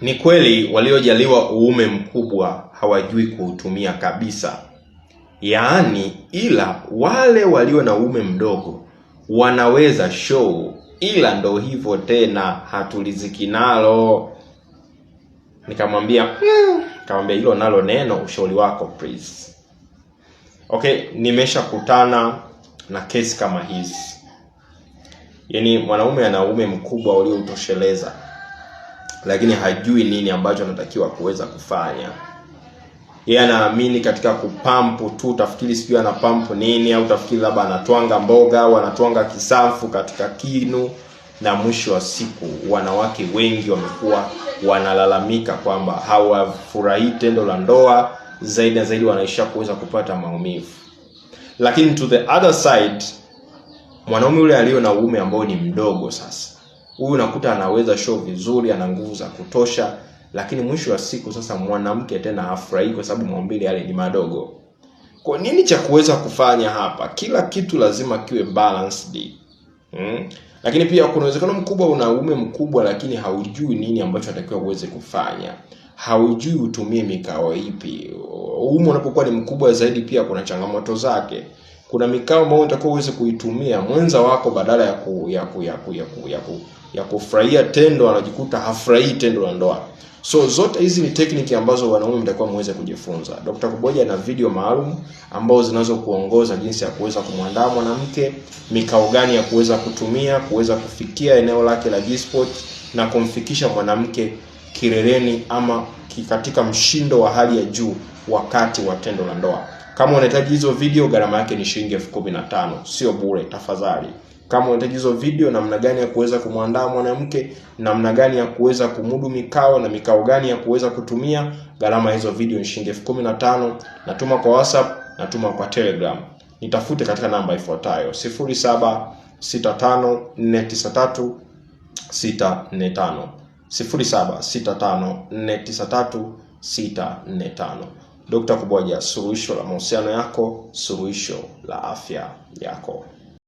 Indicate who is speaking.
Speaker 1: Ni kweli waliojaliwa uume mkubwa hawajui kuutumia kabisa, yaani, ila wale walio na uume mdogo wanaweza show, ila ndo hivyo tena, hatuliziki nalo. Nikamwambia hmm, nikamwambia hilo nalo neno, ushauri wako please. Okay, nimeshakutana na kesi kama hizi, yaani mwanaume ana uume mkubwa uliotosheleza lakini hajui nini ambacho anatakiwa kuweza kufanya. Yeye anaamini katika kupampu tu, utafikiri sijui anapampu nini, au utafikiri labda anatwanga mboga au anatwanga kisafu katika kinu, na mwisho wa siku wanawake wengi wamekuwa wanalalamika kwamba hawafurahii tendo la ndoa, zaidi na zaidi wanaisha kuweza kupata maumivu. Lakini to the other side, mwanaume yule aliyo na uume ambao ni mdogo sasa Huyu unakuta anaweza show vizuri, ana nguvu za kutosha, lakini mwisho wa siku sasa mwanamke tena afurahi kwa sababu maumbile yale ni madogo. Kwa nini cha kuweza kufanya hapa? Kila kitu lazima kiwe balanced. Hmm? Lakini pia kuna uwezekano mkubwa una mkubwa lakini haujui nini ambacho unatakiwa uweze kufanya. Haujui utumie mikao ipi. ume unapokuwa ni mkubwa zaidi pia kuna changamoto zake. Kuna mikao ambayo unatakiwa uweze kuitumia mwenza wako badala ya ku, ya ku, ya ku, ya ku, ya ku ya kufurahia tendo anajikuta hafurahii tendo la ndoa. So zote hizi ni tekniki ambazo wanaume mtakuwa muweze kujifunza. dokta Kuboja na video maalum ambazo zinazokuongoza jinsi ya kuweza kumwandaa mwanamke, mikao gani ya kuweza kutumia kuweza kufikia eneo lake la G-spot na kumfikisha mwanamke kireleni ama katika mshindo wa hali ya juu wakati wa tendo la ndoa. Kama unahitaji hizo video, gharama yake ni shilingi elfu kumi na tano, sio bure. Tafadhali kama unahitaji hizo video, namna gani ya kuweza kumwandaa mwanamke, namna gani ya kuweza kumudu mikao na mikao gani ya kuweza kutumia, gharama hizo video ni shilingi elfu kumi na tano. Natuma kwa WhatsApp, natuma kwa Telegram. Nitafute katika namba ifuatayo 0765493645 0765493645. Dr. Kuboja, suluhisho la mahusiano yako, suluhisho la afya yako.